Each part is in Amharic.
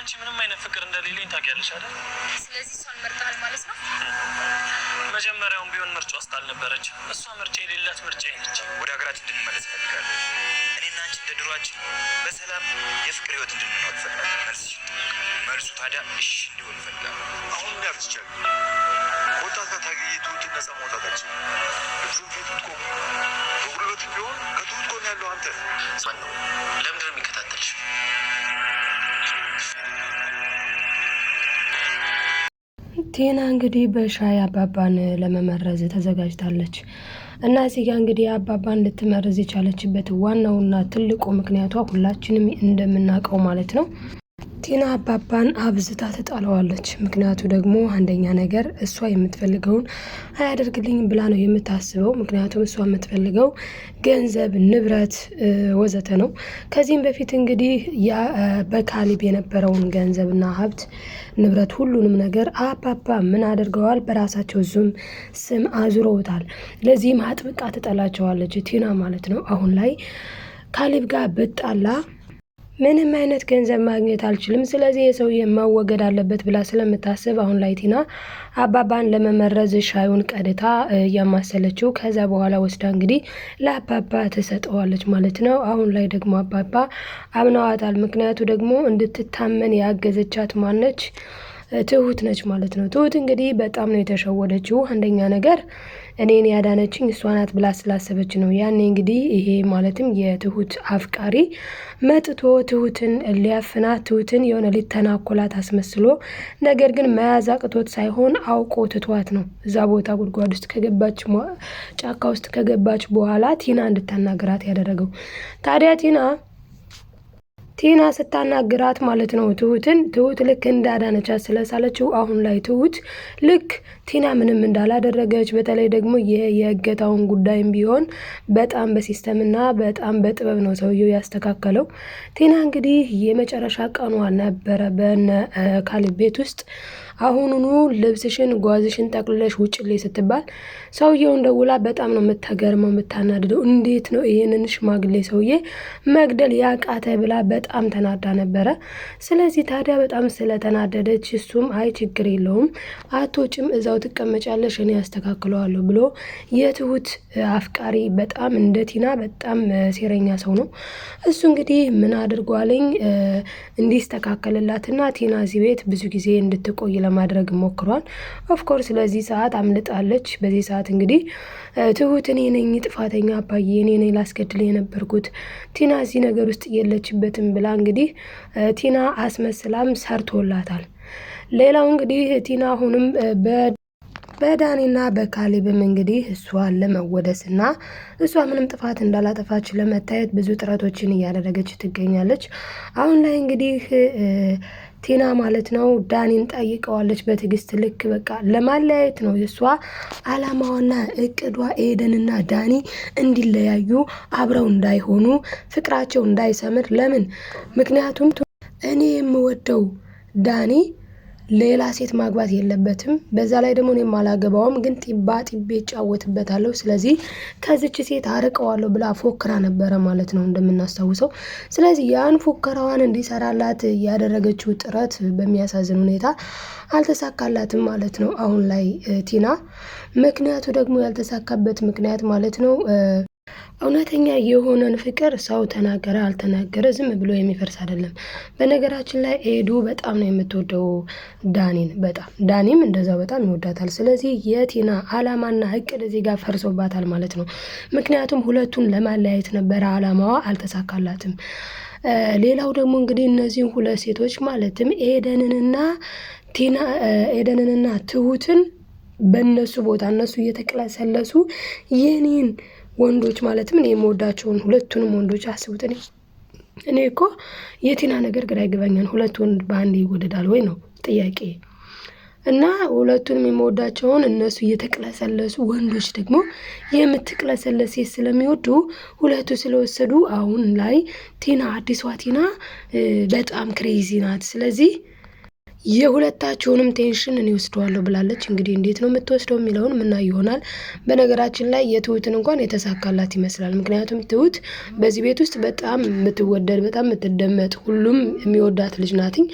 ለአንቺ ምንም አይነት ፍቅር እንደሌለኝ ታውቂያለሽ አይደል? ስለዚህ እሷን መርጠሃል ማለት ነው። መጀመሪያውን ቢሆን ምርጫ ውስጥ አልነበረች። እሷ ምርጫ የሌላት ምርጫ ነች። ወደ ሀገራችን እንድንመለስ እፈልጋለሁ። እኔና አንቺ እንደ ድሯችን በሰላም የፍቅር ህይወት እንድንኖር እፈልጋለሁ። መልስሽ መልሱ ታዲያ እሺ እንዲሆን እፈልጋለሁ። አሁን ያብስቻል ወጣት ከታገኘ ትውልድን ነጻ ማውጣታችን እሱም ፊት ትቆሙ በጉልበት ቢሆን ከትሁት ጎን ያለው አንተ ነው። ለምንድን ነው የሚከታተልሽ? ቴና እንግዲህ በሻይ አባባን ለመመረዝ ተዘጋጅታለች እና እዚህ ጋር እንግዲህ አባባን ልትመርዝ የቻለችበት ዋናውና ትልቁ ምክንያቷ ሁላችንም እንደምናውቀው ማለት ነው ቲና አባባን አብዝታ ትጠላዋለች። ምክንያቱ ደግሞ አንደኛ ነገር እሷ የምትፈልገውን አያደርግልኝም ብላ ነው የምታስበው። ምክንያቱም እሷ የምትፈልገው ገንዘብ፣ ንብረት ወዘተ ነው። ከዚህም በፊት እንግዲህ በካሊብ የነበረውን ገንዘብና ሀብት ንብረት፣ ሁሉንም ነገር አባባ ምን አድርገዋል? በራሳቸው ዙም ስም አዙረውታል። ለዚህም አጥብቃ ትጠላቸዋለች ቲና ማለት ነው። አሁን ላይ ካሊብ ጋር ብጣላ ምንም አይነት ገንዘብ ማግኘት አልችልም፣ ስለዚህ የሰውዬ መወገድ አለበት ብላ ስለምታስብ አሁን ላይ ቲና አባባን ለመመረዝ ሻዩን ቀድታ እያማሰለችው ከዛ በኋላ ወስዳ እንግዲህ ለአባባ ትሰጠዋለች ማለት ነው። አሁን ላይ ደግሞ አባባ አምነዋታል። ምክንያቱ ደግሞ እንድትታመን ያገዘቻት ማነች? ትሁት ነች ማለት ነው። ትሁት እንግዲህ በጣም ነው የተሸወደችው። አንደኛ ነገር እኔን ያዳነችኝ እሷ ናት ብላ ስላሰበች ነው። ያኔ እንግዲህ ይሄ ማለትም የትሁት አፍቃሪ መጥቶ ትሁትን ሊያፍናት፣ ትሁትን የሆነ ሊተናኮላት አስመስሎ ነገር ግን መያዝ አቅቶት ሳይሆን አውቆ ትቷት ነው እዛ ቦታ ጉድጓድ ውስጥ ከገባች ጫካ ውስጥ ከገባች በኋላ ቲና እንድታናግራት ያደረገው ታዲያ ቲና ቲና ስታናግራት ማለት ነው ትሁትን ትሁት ልክ እንዳዳነቻት ስለሳለችው አሁን ላይ ትሁት ልክ ቲና ምንም እንዳላደረገች በተለይ ደግሞ የእገታውን ጉዳይም ቢሆን በጣም በሲስተምና በጣም በጥበብ ነው ሰውየው ያስተካከለው። ቲና እንግዲህ የመጨረሻ ቀኗ ነበረ በነ ቤት ውስጥ አሁኑኑ ልብስሽን ጓዝሽን ጠቅልለሽ ላይ ስትባል ሰውየውን ደውላ በጣም ነው የምታገርመው የምታናድደው። እንዴት ነው ይህንን ሽማግሌ ሰውዬ መግደል ያቃተ ብላ በጣም ተናዳ ነበረ። ስለዚህ ታዲያ በጣም ስለተናደደች እሱም አይ ችግር የለውም አቶችም እዛው ትቀመጫለሽ እኔ ያስተካክለዋለሁ ብሎ የትሁት አፍቃሪ በጣም እንደ ቲና በጣም ሴረኛ ሰው ነው እሱ እንግዲህ ምን አድርጓለኝ እንዲስተካከልላትና ቲና እዚህ ቤት ብዙ ጊዜ እንድትቆይ ለማድረግ ሞክሯል። ኦፍኮርስ ለዚህ ሰዓት አምልጣለች። በዚህ ሰዓት እንግዲህ ትሁት እኔ ነኝ ጥፋተኛ አባዬ፣ እኔ ነኝ ላስገድል የነበርኩት ቲና እዚህ ነገር ውስጥ የለችበትም ብላ እንግዲህ ቲና አስመስላም ሰርቶላታል። ሌላው እንግዲህ ቲና አሁንም በዳኒና በካሌብም እንግዲህ እሷን ለመወደስና እሷ ምንም ጥፋት እንዳላጠፋች ለመታየት ብዙ ጥረቶችን እያደረገች ትገኛለች። አሁን ላይ እንግዲህ ቲና ማለት ነው ዳኒን ጠይቀዋለች በትዕግስት ልክ በቃ ለማለያየት ነው የእሷ አላማዋና እቅዷ ኤደንና ዳኒ እንዲለያዩ አብረው እንዳይሆኑ ፍቅራቸው እንዳይሰምር ለምን ምክንያቱም እኔ የምወደው ዳኒ ሌላ ሴት ማግባት የለበትም። በዛ ላይ ደግሞ እኔም አላገባውም፣ ግን ጢባ ጢቤ እጫወትበታለሁ። ስለዚህ ከዚች ሴት አርቀዋለሁ ብላ ፎክራ ነበረ ማለት ነው እንደምናስታውሰው። ስለዚህ ያን ፎከራዋን እንዲሰራላት ያደረገችው ጥረት በሚያሳዝን ሁኔታ አልተሳካላትም ማለት ነው አሁን ላይ ቲና። ምክንያቱ ደግሞ ያልተሳካበት ምክንያት ማለት ነው እውነተኛ የሆነን ፍቅር ሰው ተናገረ አልተናገረ ዝም ብሎ የሚፈርስ አይደለም። በነገራችን ላይ ኤዱ በጣም ነው የምትወደው ዳኒን፣ በጣም ዳኒም እንደዛው በጣም ይወዳታል። ስለዚህ የቲና አላማና እቅድ እዚህ ጋር ፈርሶባታል ማለት ነው። ምክንያቱም ሁለቱን ለማለያየት ነበረ አላማዋ፣ አልተሳካላትም። ሌላው ደግሞ እንግዲህ እነዚህን ሁለት ሴቶች ማለትም ኤደንንና ቲና ኤደንንና ትሁትን በእነሱ ቦታ እነሱ እየተቅለሰለሱ የኔን ወንዶች ማለትም እኔ የምወዳቸውን ሁለቱንም ወንዶች አስቡት። እኔ እኔ እኮ የቲና ነገር ግራ ይገባኛል። ሁለት ወንድ በአንድ ይወደዳል ወይ ነው ጥያቄ። እና ሁለቱንም የምወዳቸውን እነሱ እየተቅለሰለሱ ወንዶች ደግሞ የምትቅለሰለስ ሴት ስለሚወዱ ሁለቱ ስለወሰዱ አሁን ላይ ቲና አዲሷ ቲና በጣም ክሬዚ ናት። ስለዚህ የሁለታችሁንም ቴንሽን እኔ ወስደዋለሁ ብላለች። እንግዲህ እንዴት ነው የምትወስደው የሚለውን ምና ይሆናል። በነገራችን ላይ የትሁትን እንኳን የተሳካላት ይመስላል። ምክንያቱም ትሁት በዚህ ቤት ውስጥ በጣም የምትወደድ በጣም የምትደመጥ ሁሉም የሚወዳት ልጅ ናትኝ።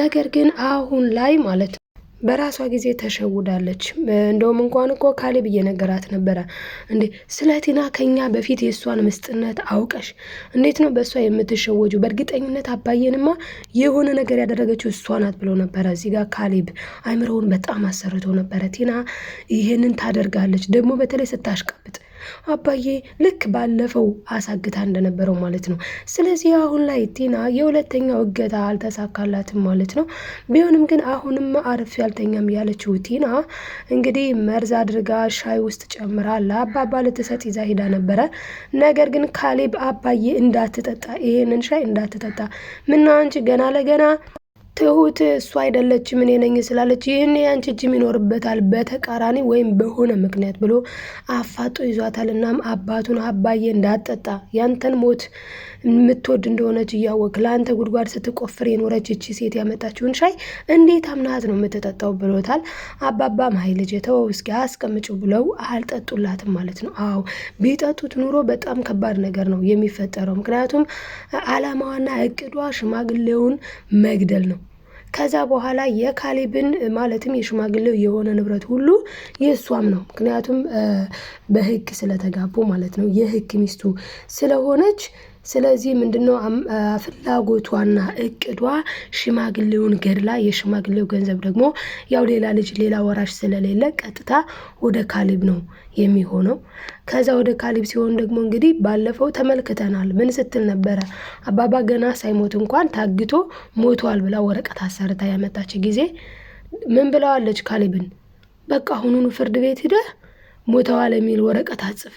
ነገር ግን አሁን ላይ ማለት ነው በራሷ ጊዜ ተሸውዳለች። እንደውም እንኳን እኮ ካሌብ እየነገራት ነበረ። እንዴ ስለ ቲና ከኛ በፊት የእሷን ምስጥነት አውቀሽ እንዴት ነው በእሷ የምትሸወጁ? በእርግጠኝነት አባዬንማ የሆነ ነገር ያደረገችው እሷ ናት ብሎ ነበረ። እዚህ ጋር ካሌብ አይምሮውን በጣም አሰርቶ ነበረ። ቲና ይሄንን ታደርጋለች ደግሞ በተለይ ስታሽቀብጥ አባዬ ልክ ባለፈው አሳግታ እንደነበረው ማለት ነው። ስለዚህ አሁን ላይ ቲና የሁለተኛው እገታ አልተሳካላትም ማለት ነው። ቢሆንም ግን አሁንም አርፍ ያልተኛም ያለችው ቲና እንግዲህ መርዝ አድርጋ ሻይ ውስጥ ጨምራ ለአባባ ልትሰጥ ይዛ ሄዳ ነበረ። ነገር ግን ካሌብ አባዬ እንዳትጠጣ፣ ይሄንን ሻይ እንዳትጠጣ ምና አንቺ ገና ለገና ትሁት እሱ አይደለች ምን ነኝ ስላለች ይህን ያንቺ እጅም ይኖርበታል በተቃራኒ ወይም በሆነ ምክንያት ብሎ አፋጦ ይዟታል። እናም አባቱን አባዬ እንዳጠጣ ያንተን ሞት የምትወድ እንደሆነች እያወቅ ለአንተ ጉድጓድ ስትቆፍር የኖረች እቺ ሴት ያመጣችውን ሻይ እንዴት አምናት ነው የምትጠጣው ብሎታል። አባባም ሀይ ልጅ የተወው እስኪ አስቀምጪው ብለው አልጠጡላትም ማለት ነው። አዎ ቢጠጡት ኑሮ በጣም ከባድ ነገር ነው የሚፈጠረው። ምክንያቱም አላማዋና እቅዷ ሽማግሌውን መግደል ነው። ከዛ በኋላ የካሊብን ማለትም የሽማግሌው የሆነ ንብረት ሁሉ የእሷም ነው። ምክንያቱም በህግ ስለተጋቡ ማለት ነው የህግ ሚስቱ ስለሆነች ስለዚህ ምንድነው ፍላጎቷና እቅዷ ሽማግሌውን ገድላ የሽማግሌው ገንዘብ ደግሞ ያው ሌላ ልጅ ሌላ ወራሽ ስለሌለ ቀጥታ ወደ ካሊብ ነው የሚሆነው። ከዛ ወደ ካሊብ ሲሆን ደግሞ እንግዲህ ባለፈው ተመልክተናል። ምን ስትል ነበረ? አባባ ገና ሳይሞት እንኳን ታግቶ ሞቷል ብላ ወረቀት አሰርታ ያመጣች ጊዜ ምን ብለዋለች? ካሊብን በቃ አሁኑኑ ፍርድ ቤት ሂደህ ሞተዋል የሚል ወረቀት አጽፍ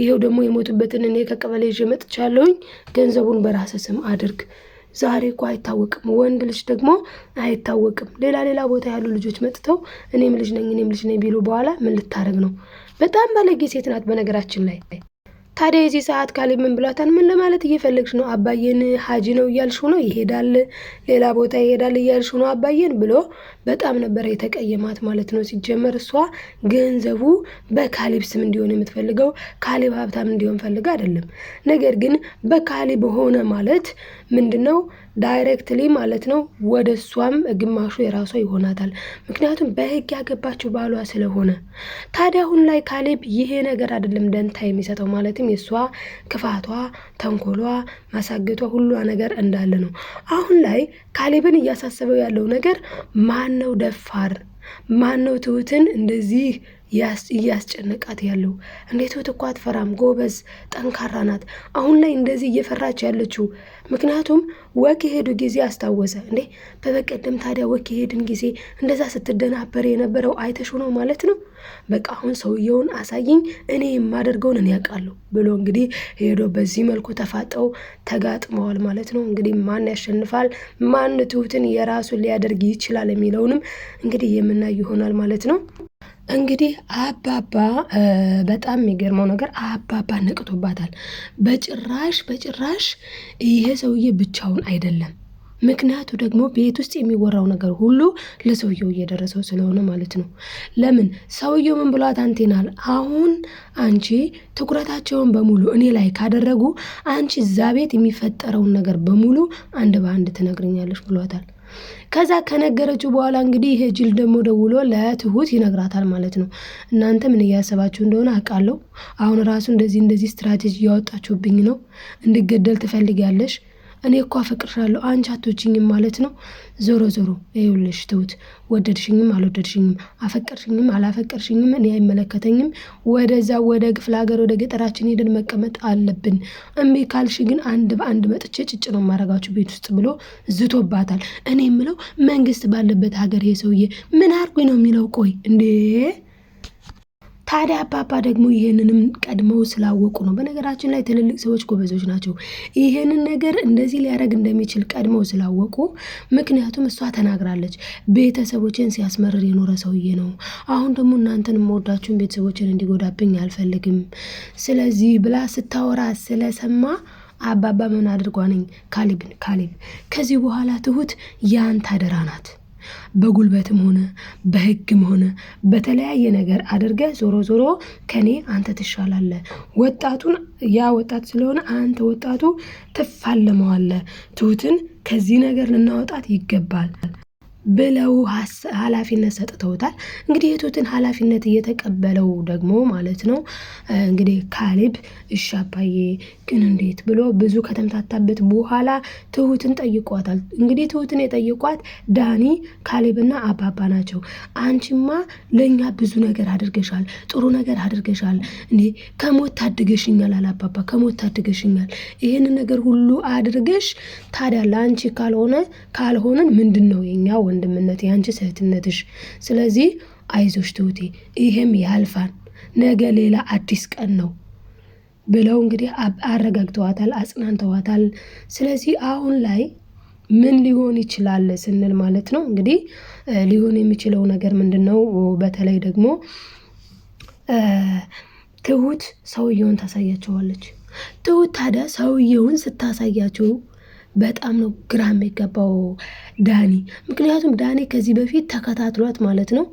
ይሄው ደግሞ የሞቱበትን እኔ ከቀበሌ ይዤ መጥቻለሁኝ። ገንዘቡን በራስ ስም አድርግ። ዛሬ እኮ አይታወቅም፣ ወንድ ልጅ ደግሞ አይታወቅም። ሌላ ሌላ ቦታ ያሉ ልጆች መጥተው እኔም ልጅ ነኝ እኔም ልጅ ነኝ ቢሉ በኋላ ምን ልታደርግ ነው? በጣም ባለጌ ሴት ናት በነገራችን ላይ ታዲያ የዚህ ሰዓት ካሌብ ምን ብሏታል? ምን ለማለት እየፈለግሽ ነው? አባዬን ሀጂ ነው እያልሽው ነው? ይሄዳል፣ ሌላ ቦታ ይሄዳል እያልሽው ነው አባዬን ብሎ በጣም ነበረ የተቀየማት ማለት ነው። ሲጀመር እሷ ገንዘቡ በካሌብ ስም እንዲሆን የምትፈልገው ካሌብ ሀብታም እንዲሆን ፈልግ አይደለም። ነገር ግን በካሌብ ሆነ ማለት ምንድን ነው ዳይሬክትሊ ማለት ነው ወደ እሷም ግማሹ የራሷ ይሆናታል። ምክንያቱም በህግ ያገባችው ባሏ ስለሆነ። ታዲያ አሁን ላይ ካሌብ ይሄ ነገር አይደለም ደንታ የሚሰጠው ማለትም የእሷ ክፋቷ፣ ተንኮሏ፣ ማሳገቷ ሁሏ ነገር እንዳለ ነው። አሁን ላይ ካሌብን እያሳሰበው ያለው ነገር ማን ነው ደፋር፣ ማን ነው ትሁትን እንደዚህ እያስጨነቃት ያለው። እንዴት እህት እኮ አትፈራም፣ ጎበዝ፣ ጠንካራ ናት። አሁን ላይ እንደዚህ እየፈራች ያለችው ምክንያቱም ወክ የሄዱ ጊዜ አስታወሰ እንዴ። በበቀደም ታዲያ ወክ የሄድን ጊዜ እንደዛ ስትደናበር የነበረው አይተሽ ነው ማለት ነው። በቃ አሁን ሰውየውን አሳይኝ፣ እኔ የማደርገውን እኔ ያውቃለሁ ብሎ እንግዲህ ሄዶ በዚህ መልኩ ተፋጠው ተጋጥመዋል ማለት ነው። እንግዲህ ማን ያሸንፋል፣ ማን ትሁትን የራሱን ሊያደርግ ይችላል የሚለውንም እንግዲህ የምናይ ይሆናል ማለት ነው። እንግዲህ አባባ በጣም የሚገርመው ነገር አባባ ነቅቶባታል። በጭራሽ በጭራሽ ይሄ ሰውዬ ብቻውን አይደለም። ምክንያቱ ደግሞ ቤት ውስጥ የሚወራው ነገር ሁሉ ለሰውየው እየደረሰው ስለሆነ ማለት ነው። ለምን ሰውየው ምን ብሏት አንቴናል፣ አሁን አንቺ ትኩረታቸውን በሙሉ እኔ ላይ ካደረጉ አንቺ እዛ ቤት የሚፈጠረውን ነገር በሙሉ አንድ በአንድ ትነግረኛለች ብሏታል። ከዛ ከነገረችው በኋላ እንግዲህ ይሄ ጅል ደግሞ ደውሎ ለትሁት ይነግራታል ማለት ነው። እናንተ ምን እያሰባችሁ እንደሆነ አውቃለሁ። አሁን ራሱ እንደዚህ እንደዚህ ስትራቴጂ እያወጣችሁብኝ ነው፣ እንድገደል ትፈልጊያለሽ እኔ እኮ አፈቅርሻለሁ አንቺ አትወጂኝም ማለት ነው። ዞሮ ዞሮ ይኸውልሽ ትሁት፣ ወደድሽኝም አልወደድሽኝም፣ አፈቀርሽኝም አላፈቀርሽኝም እኔ አይመለከተኝም። ወደዛ ወደ ክፍለ ሀገር ወደ ገጠራችን ሄደን መቀመጥ አለብን። እምቢ ካልሽ ግን አንድ በአንድ መጥቼ ጭጭ ነው ማረጋችሁ ቤት ውስጥ ብሎ ዝቶባታል። እኔ የምለው መንግስት ባለበት ሀገር ይሄ ሰውዬ ምን አርጎኝ ነው የሚለው? ቆይ እንዴ ታዲያ አባባ ደግሞ ይህንንም ቀድመው ስላወቁ ነው። በነገራችን ላይ ትልልቅ ሰዎች ጎበዞች ናቸው። ይህንን ነገር እንደዚህ ሊያደርግ እንደሚችል ቀድመው ስላወቁ፣ ምክንያቱም እሷ ተናግራለች፣ ቤተሰቦችን ሲያስመርር የኖረ ሰውዬ ነው። አሁን ደግሞ እናንተን የምወዳችሁን ቤተሰቦችን እንዲጎዳብኝ አልፈልግም፣ ስለዚህ ብላ ስታወራ ስለሰማ አባባ ምን አድርጓ ነኝ ካሊብን ካሊብ ከዚህ በኋላ ትሁት ያንተ አደራ ናት በጉልበትም ሆነ በህግም ሆነ በተለያየ ነገር አድርገ ዞሮ ዞሮ ከኔ አንተ ትሻላለ ወጣቱን ያ ወጣት ስለሆነ አንተ ወጣቱ ትፋለመዋለ። ትሁትን ከዚህ ነገር ልናወጣት ይገባል። ብለው ኃላፊነት ሰጥተውታል። እንግዲህ የትሁትን ኃላፊነት እየተቀበለው ደግሞ ማለት ነው እንግዲህ ካሊብ እሺ ግን እንዴት ብሎ ብዙ ከተምታታበት በኋላ ትሁትን ጠይቋታል። እንግዲህ ትሁትን የጠይቋት ዳኒ ካሊብና አባባ ናቸው። አንቺማ ለእኛ ብዙ ነገር አድርገሻል፣ ጥሩ ነገር አድርገሻል፣ እንዴ ከሞት ታድገሽኛል አለ አባባ። ከሞት ታድገሽኛል። ይህን ነገር ሁሉ አድርገሽ ታዲያ ለአንቺ ካልሆነ ካልሆነን ምንድን ነው የኛ ወንድምነት፣ የአንቺ ስህትነትሽ። ስለዚህ አይዞሽ ትሁቴ፣ ይሄም ያልፋል፣ ነገ ሌላ አዲስ ቀን ነው ብለው እንግዲህ አረጋግተዋታል፣ አጽናንተዋታል። ስለዚህ አሁን ላይ ምን ሊሆን ይችላል ስንል ማለት ነው እንግዲህ ሊሆን የሚችለው ነገር ምንድን ነው? በተለይ ደግሞ ትሁት ሰውየውን ታሳያቸዋለች። ትሁት ታዲያ ሰውየውን ስታሳያቸው በጣም ነው ግራ የሚገባው ዳኒ። ምክንያቱም ዳኒ ከዚህ በፊት ተከታትሏት ማለት ነው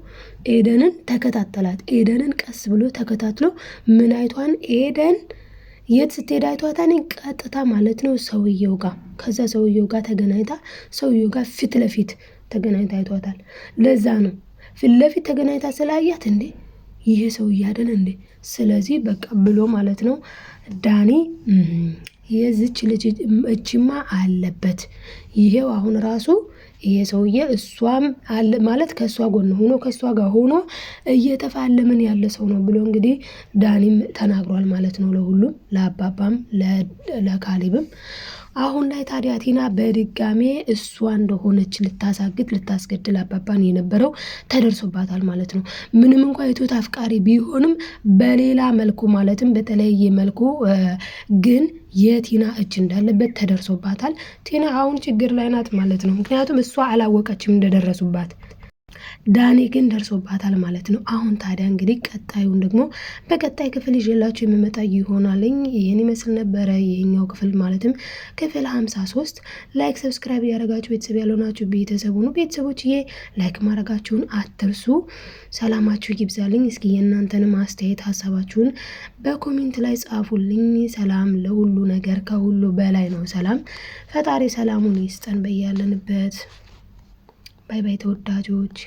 ኤደንን ተከታተላት። ኤደንን ቀስ ብሎ ተከታትሎ ምን አይቷን ኤደን የት ስትሄድ አይቷታን ቀጥታ ማለት ነው ሰውየው ጋር ከዛ ሰውየው ጋር ተገናኝታ ሰውየው ጋር ፊት ለፊት ተገናኝታ አይቷታል። ለዛ ነው ፊት ለፊት ተገናኝታ ስላያት እንዴ ይሄ ሰው እያደል እንዴ ስለዚህ በቃ ብሎ ማለት ነው ዳኒ የዚች ልጅ እጅማ አለበት። ይሄው አሁን ራሱ ይሄ ሰውዬ እሷም አለ ማለት ከእሷ ጎን ሆኖ ከእሷ ጋር ሆኖ እየተፋለምን ያለ ሰው ነው ብሎ እንግዲህ ዳኒም ተናግሯል ማለት ነው። ለሁሉም ለአባባም ለካሊብም አሁን ላይ ታዲያ ቲና በድጋሜ እሷ እንደሆነች ልታሳግድ ልታስገድል አባባን የነበረው ተደርሶባታል ማለት ነው። ምንም እንኳ የትሁት አፍቃሪ ቢሆንም በሌላ መልኩ ማለትም በተለየ መልኩ ግን የቲና እጅ እንዳለበት ተደርሶባታል። ቲና አሁን ችግር ላይ ናት ማለት ነው። ምክንያቱም እሷ አላወቀችም እንደደረሱባት ዳኔ ግን ደርሶባታል ማለት ነው። አሁን ታዲያ እንግዲህ ቀጣዩን ደግሞ በቀጣይ ክፍል ይዤላችሁ የምመጣ ይሆናልኝ። ይህን ይመስል ነበረ ይህኛው ክፍል ማለትም ክፍል ሀምሳ ሶስት ላይክ ሰብስክራይብ እያደረጋችሁ ቤተሰብ ያልሆናችሁ ቤተሰብ ሁኑ። ቤተሰቦች ዬ ላይክ ማድረጋችሁን አትርሱ። ሰላማችሁ ይብዛልኝ። እስኪ የእናንተንም አስተያየት ሀሳባችሁን በኮሜንት ላይ ጻፉልኝ። ሰላም ለሁሉ ነገር ከሁሉ በላይ ነው። ሰላም ፈጣሪ ሰላሙን ይስጠን በያለንበት ባይ ባይ ተወዳጆች።